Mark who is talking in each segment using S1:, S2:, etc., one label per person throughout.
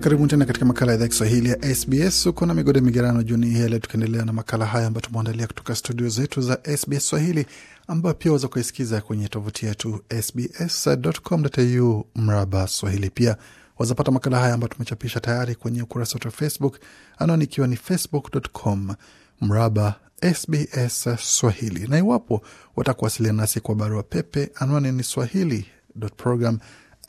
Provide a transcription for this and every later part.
S1: Karibuni tena katika makala ya idhaa Kiswahili ya SBS. Uko na migode migerano juni hii leo, tukiendelea na makala haya ambayo tumeandalia kutoka studio zetu za SBS Swahili, ambayo pia waweza kuisikiza kwenye tovuti yetu sbs.com.au mraba swahili. Pia wazapata makala haya ambayo tumechapisha tayari kwenye ukurasa wetu wa Facebook, anwani ikiwa ni facebook.com mraba SBS Swahili, na iwapo watakuwasiliana nasi kwa barua pepe, anwani ni swahili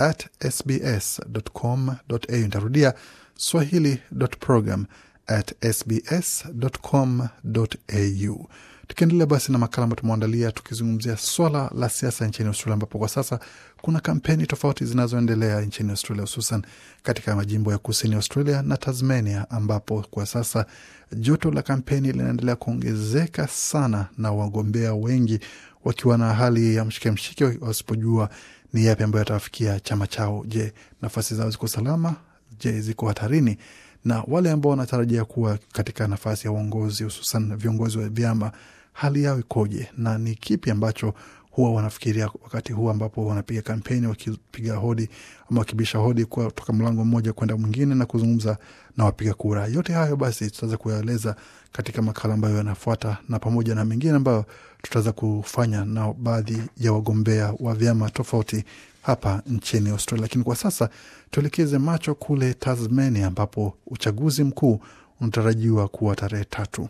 S1: at sbs.com.au. Nitarudia swahili.program at sbs.com.au. Tukiendelea basi na makala ambayo tumeandalia tukizungumzia swala la siasa nchini Australia, ambapo kwa sasa kuna kampeni tofauti zinazoendelea nchini Australia, hususan katika majimbo ya kusini Australia na Tasmania, ambapo kwa sasa joto la kampeni linaendelea kuongezeka sana na wagombea wengi wakiwa na hali ya mshike mshike wasipojua ni yapi ambayo yatafikia chama chao? Je, nafasi zao ziko salama? Je, ziko hatarini? Na wale ambao wanatarajia kuwa katika nafasi ya uongozi, hususan viongozi wa vyama, hali yao ikoje na ni kipi ambacho huwa wanafikiria wakati huu ambapo wanapiga kampeni, wakipiga hodi ama wakibisha hodi kutoka mlango mmoja kwenda mwingine na kuzungumza na wapiga kura. Yote hayo basi tutaweza kuyaeleza katika makala ambayo yanafuata, na pamoja na mengine ambayo tutaweza kufanya na baadhi ya wagombea wa vyama tofauti hapa nchini Australia. Lakini kwa sasa tuelekeze macho kule Tasmania, ambapo uchaguzi mkuu unatarajiwa kuwa tarehe tatu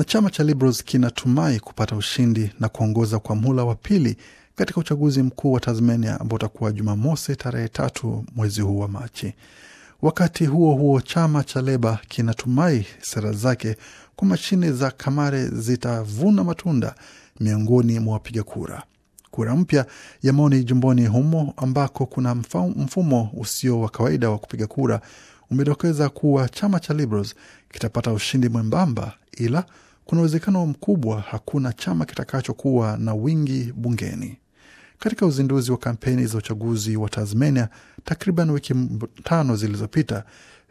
S1: na chama cha Liberals kinatumai kupata ushindi na kuongoza kwa mhula wa pili katika uchaguzi mkuu wa Tasmania ambao utakuwa Jumamosi tarehe tatu mwezi huu wa Machi. Wakati huo huo, chama cha Leba kinatumai sera zake kwa mashine za kamare zitavuna matunda miongoni mwa wapiga kura. Kura mpya ya maoni jumboni humo ambako kuna mfumo usio wa kawaida wa kupiga kura umedokeza kuwa chama cha Liberals kitapata ushindi mwembamba, ila kuna uwezekano mkubwa hakuna chama kitakachokuwa na wingi bungeni. Katika uzinduzi wa kampeni za uchaguzi wa Tasmania takriban wiki tano zilizopita,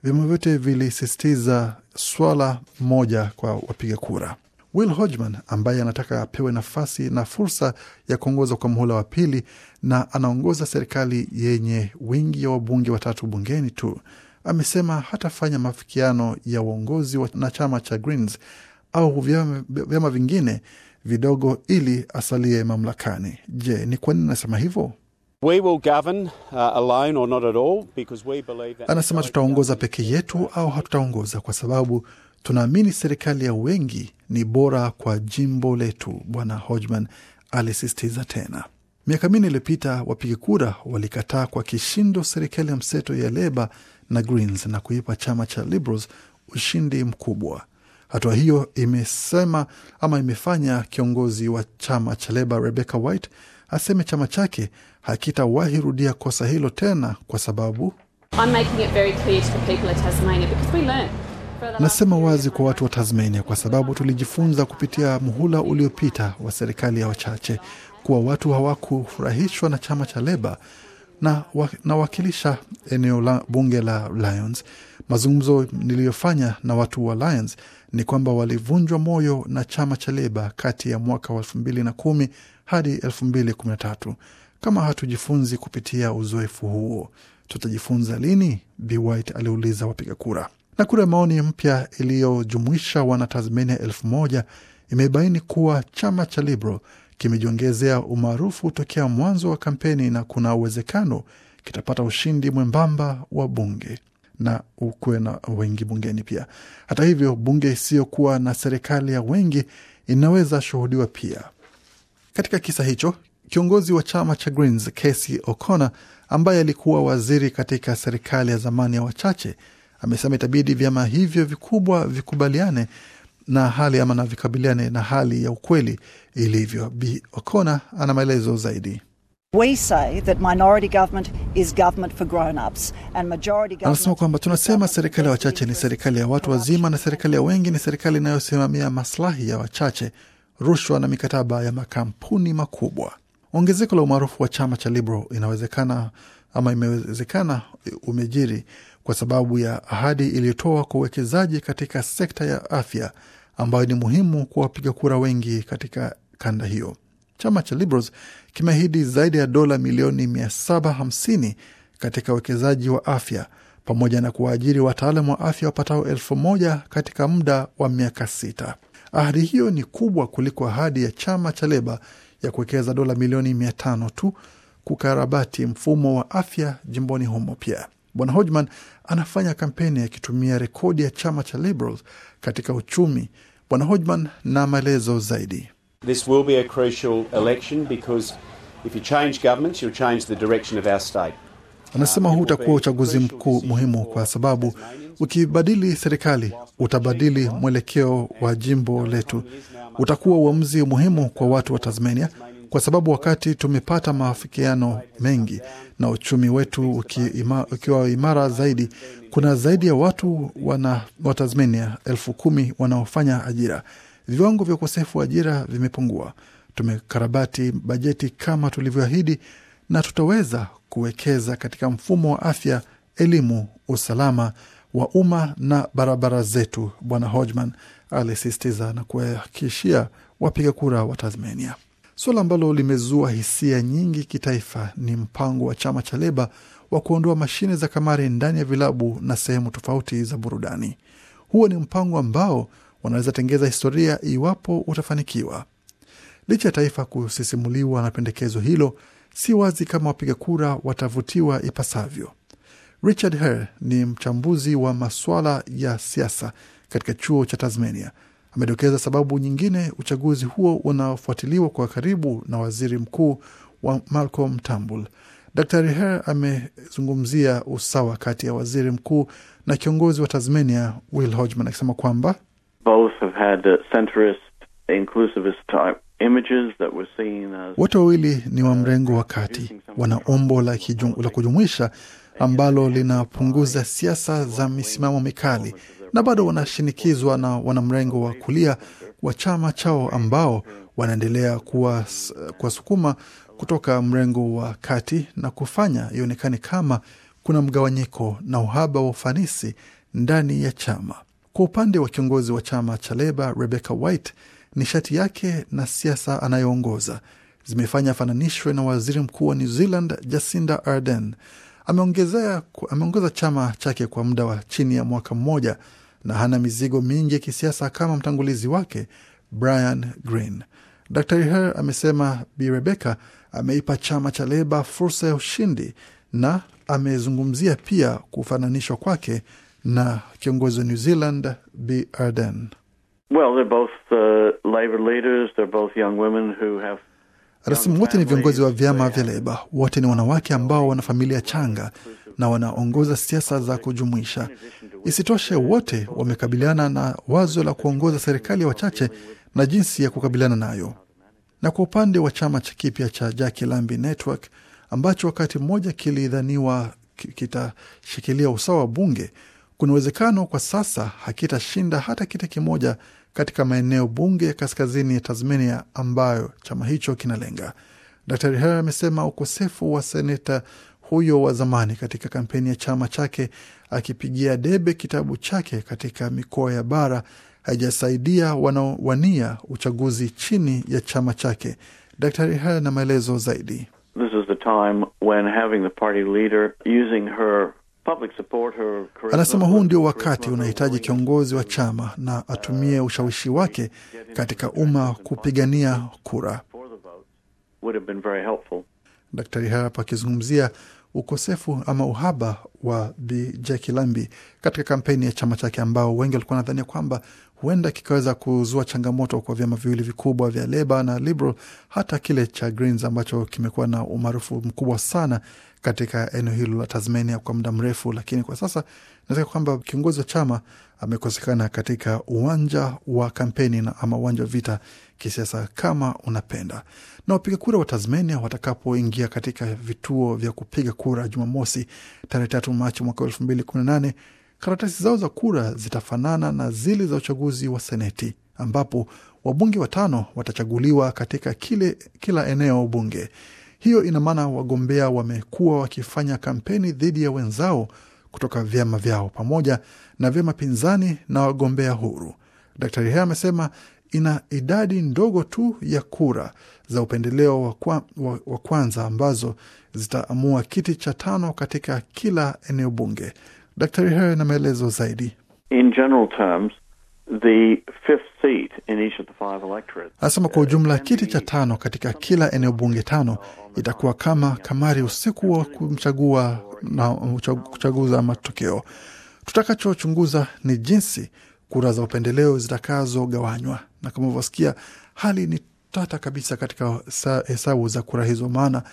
S1: vyama vyote vilisisitiza swala moja kwa wapiga kura. Will Hodgman ambaye anataka apewe nafasi na fursa ya kuongoza kwa muhula wa pili na anaongoza serikali yenye wingi ya wabunge watatu bungeni tu, amesema hatafanya mafikiano ya uongozi na chama cha Greens au vyama, vyama vingine vidogo ili asalie mamlakani. Je, ni kwa nini anasema hivyo? We will govern, uh, alone or not at all, because we believe that... Anasema tutaongoza peke yetu au hatutaongoza kwa sababu tunaamini serikali ya wengi ni bora kwa jimbo letu, Bwana Hodgman alisisitiza tena. Miaka minne iliyopita wapiga kura walikataa kwa kishindo serikali ya mseto ya Leba na Greens na kuipa chama cha Liberals ushindi mkubwa. Hatua hiyo imesema ama imefanya kiongozi wa chama cha Leba Rebecca White aseme chama chake hakitawahi rudia kosa hilo tena, kwa sababu nasema wazi kwa watu wa Tasmania kwa sababu tulijifunza kupitia muhula uliopita wa serikali ya wachache kuwa watu hawakufurahishwa na chama cha Leba na nawakilisha eneo la bunge la Lions. Mazungumzo niliyofanya na watu wa Lions ni kwamba walivunjwa moyo na chama cha Leba kati ya mwaka wa elfu mbili na kumi hadi elfu mbili kumi na tatu. Kama hatujifunzi kupitia uzoefu huo tutajifunza lini? Bi White aliuliza wapiga kura. Na kura ya maoni mpya iliyojumuisha wanatasmania elfu moja imebaini kuwa chama cha Liberal kimejiongezea umaarufu tokea mwanzo wa kampeni na kuna uwezekano kitapata ushindi mwembamba wa bunge na ukuwe na wengi bungeni pia. Hata hivyo, bunge isiyokuwa na serikali ya wengi inaweza shuhudiwa pia. Katika kisa hicho, kiongozi wa chama cha Greens Casey O'Connor ambaye alikuwa waziri katika serikali ya zamani ya wachache amesema itabidi vyama hivyo vikubwa vikubaliane na hali ama na vikabiliane na hali ya ukweli ilivyo. Bi Okona ana maelezo zaidi. Anasema kwamba tunasema serikali ya wachache ni serikali ya watu wazima, na serikali ya wengi ni serikali inayosimamia maslahi ya wachache, rushwa na mikataba ya makampuni makubwa. Ongezeko la umaarufu wa chama cha Liberal inawezekana ama imewezekana e, umejiri kwa sababu ya ahadi iliyotoa kwa uwekezaji katika sekta ya afya ambayo ni muhimu kwa wapiga kura wengi katika kanda hiyo chama cha Liberals kimeahidi zaidi ya dola milioni 750 katika uwekezaji wa afya pamoja na kuwaajiri wataalam wa afya wapatao elfu moja katika muda wa miaka sita. Ahadi hiyo ni kubwa kuliko ahadi ya chama cha Leba ya kuwekeza dola milioni 500 tu kukarabati mfumo wa afya jimboni humo. Pia Bwana Hodgman anafanya kampeni akitumia rekodi ya chama cha Liberals katika uchumi. Bwana Hodgman na maelezo zaidi. This will be a crucial election because if you change governments, you'll change the direction of our state. Anasema uh, huu utakuwa uchaguzi mkuu muhimu kwa sababu ukibadili serikali utabadili mwelekeo wa jimbo letu. Utakuwa uamuzi muhimu kwa watu wa Tasmania kwa sababu wakati tumepata maafikiano mengi na uchumi wetu ukiwa uki imara zaidi, kuna zaidi ya watu wana, wa Tasmania elfu kumi wanaofanya ajira viwango vya ukosefu wa ajira vimepungua. Tumekarabati bajeti kama tulivyoahidi, na tutaweza kuwekeza katika mfumo wa afya, elimu, usalama wa umma na barabara zetu, Bwana Hodgman alisisitiza na kuwahakikishia wapiga kura wa Tasmania. Suala ambalo limezua hisia nyingi kitaifa ni mpango wa chama cha Leba wa kuondoa mashine za kamari ndani ya vilabu na sehemu tofauti za burudani. Huo ni mpango ambao wanaweza tengeza historia iwapo utafanikiwa. Licha ya taifa kusisimuliwa na pendekezo hilo, si wazi kama wapiga kura watavutiwa ipasavyo. Richard Herr ni mchambuzi wa maswala ya siasa katika chuo cha Tasmania. Amedokeza sababu nyingine uchaguzi huo unafuatiliwa kwa karibu na waziri mkuu wa Malcolm Turnbull. Dr Herr amezungumzia usawa kati ya waziri mkuu na kiongozi wa Tasmania Will Hodgman akisema kwamba Both have had uh, centrist, inclusivist type images that we're seen as... Wote wawili ni wa uh, mrengo wa kati, wana ombo la, la kujumuisha ambalo linapunguza uh, siasa za misimamo mikali na bado wanashinikizwa na wanamrengo wa kulia wa chama chao ambao wanaendelea kuwasukuma kutoka mrengo wa kati na kufanya ionekane kama kuna mgawanyiko na uhaba wa ufanisi ndani ya chama. Kwa upande wa kiongozi wa chama cha Leba Rebecca White, nishati yake na siasa anayoongoza zimefanya afananishwe na waziri mkuu wa New Zealand Jacinda Ardern. ameongeza chama chake kwa muda wa chini ya mwaka mmoja na hana mizigo mingi ya kisiasa kama mtangulizi wake Brian Green. Dr Her amesema Bi Rebecca ameipa chama cha Leba fursa ya ushindi na amezungumzia pia kufananishwa kwake na kiongozi wa New Zealand B arden Well, they're both uh, labor leaders, they're both young women who have Rasimu wote ni viongozi wa vyama vya leba, wote ni wanawake ambao wana familia changa na wanaongoza siasa za kujumuisha. Isitoshe, wote wamekabiliana na wazo la kuongoza serikali ya wa wachache na jinsi ya kukabiliana nayo. Na kwa upande wa chama cha kipya cha Jaki Lambi Network ambacho wakati mmoja kilidhaniwa kitashikilia usawa wa bunge, kuna uwezekano kwa sasa hakitashinda hata kiti kimoja katika maeneo bunge ya kaskazini ya Tasmania ambayo chama hicho kinalenga. Dr Heyer amesema ukosefu wa seneta huyo wa zamani katika kampeni ya chama chake akipigia debe kitabu chake katika mikoa ya bara haijasaidia wanaowania uchaguzi chini ya chama chake. dr Heyer na maelezo zaidi. This is the time when having the party leader using her Anasema huu ndio wakati unahitaji kiongozi wa chama na atumie ushawishi wake katika umma kupigania kura. Daktari hapa akizungumzia ukosefu ama uhaba wa Bi Lambi katika kampeni ya chama chake, ambao wengi walikuwa nadhania kwamba huenda kikaweza kuzua changamoto kwa vyama viwili vikubwa vya Leba na Liberal, hata kile cha Greens ambacho kimekuwa na umaarufu mkubwa sana katika eneo hilo la Tasmania kwa muda mrefu, lakini kwa sasa inaweza kwamba kiongozi wa chama amekosekana katika uwanja wa kampeni na ama uwanja wa vita kisiasa kama unapenda. Na wapiga kura wa Tasmania watakapoingia katika vituo vya kupiga kura Jumamosi tarehe tatu Machi mwaka elfu mbili kumi na nane karatasi zao za kura zitafanana na zile za uchaguzi wa Seneti, ambapo wabunge watano watachaguliwa katika kile, kila eneo bunge. Hiyo ina maana wagombea wamekuwa wakifanya kampeni dhidi ya wenzao kutoka vyama vyao pamoja na vyama pinzani na wagombea huru. Daktari Hea amesema ina idadi ndogo tu ya kura za upendeleo wa, kwa, wa, wa kwanza ambazo zitaamua kiti cha tano katika kila eneo bunge. Daktari Hayo na maelezo zaidi. In general terms, the fifth seat in each of the five electorates. Asema kwa ujumla uh, kiti cha tano katika kila eneo bunge tano itakuwa kama kamari usiku wa kumchagua na kuchaguza matokeo. Tutakachochunguza ni jinsi kura za upendeleo zitakazogawanywa, na kama ulivyosikia, hali ni tata kabisa katika hesabu za kura hizo, maana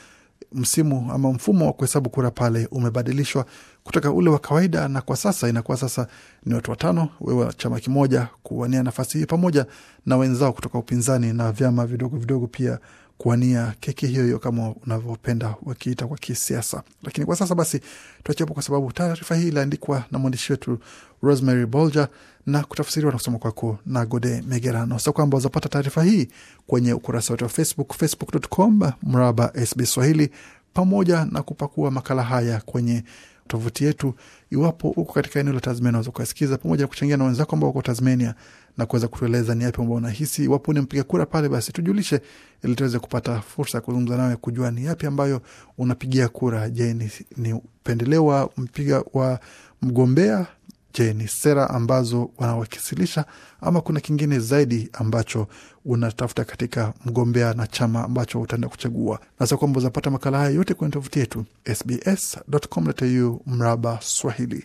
S1: msimu ama mfumo wa kuhesabu kura pale umebadilishwa kutoka ule wa kawaida, na kwa sasa inakuwa sasa ni watu watano, wewe chama kimoja kuwania nafasi hii pamoja na wenzao kutoka upinzani na vyama vidogo vidogo pia kuwania keki hiyo hiyo kama unavyopenda wakiita kwa kisiasa. Lakini kwa sasa basi tuachepo, kwa sababu taarifa hii iliandikwa na mwandishi wetu Rosemary Bolger na kutafsiriwa na kusoma kwako na Gode Megerano. Sa kwamba wazapata taarifa hii kwenye ukurasa wetu wa Facebook, facebook.com mraba sb Swahili, pamoja na kupakua makala haya kwenye tovuti yetu. Iwapo uko katika eneo la Tasmania, unaweza ukasikiza pamoja na kuchangia na wenzako ambao uko Tasmania na kuweza kutueleza ni yapi ambao unahisi. Iwapo ni mpiga kura pale, basi tujulishe, ili tuweze kupata fursa ya kuzungumza nawe, kujua ni yapi ambayo unapigia kura. Je, ni, ni upendeleo wa mpiga wa mgombea Je, ni sera ambazo wanawakisilisha ama kuna kingine zaidi ambacho unatafuta katika mgombea na chama ambacho utaenda kuchagua? Nasa kwamba uzapata makala haya yote kwenye tovuti yetu sbs.com.au mraba Swahili.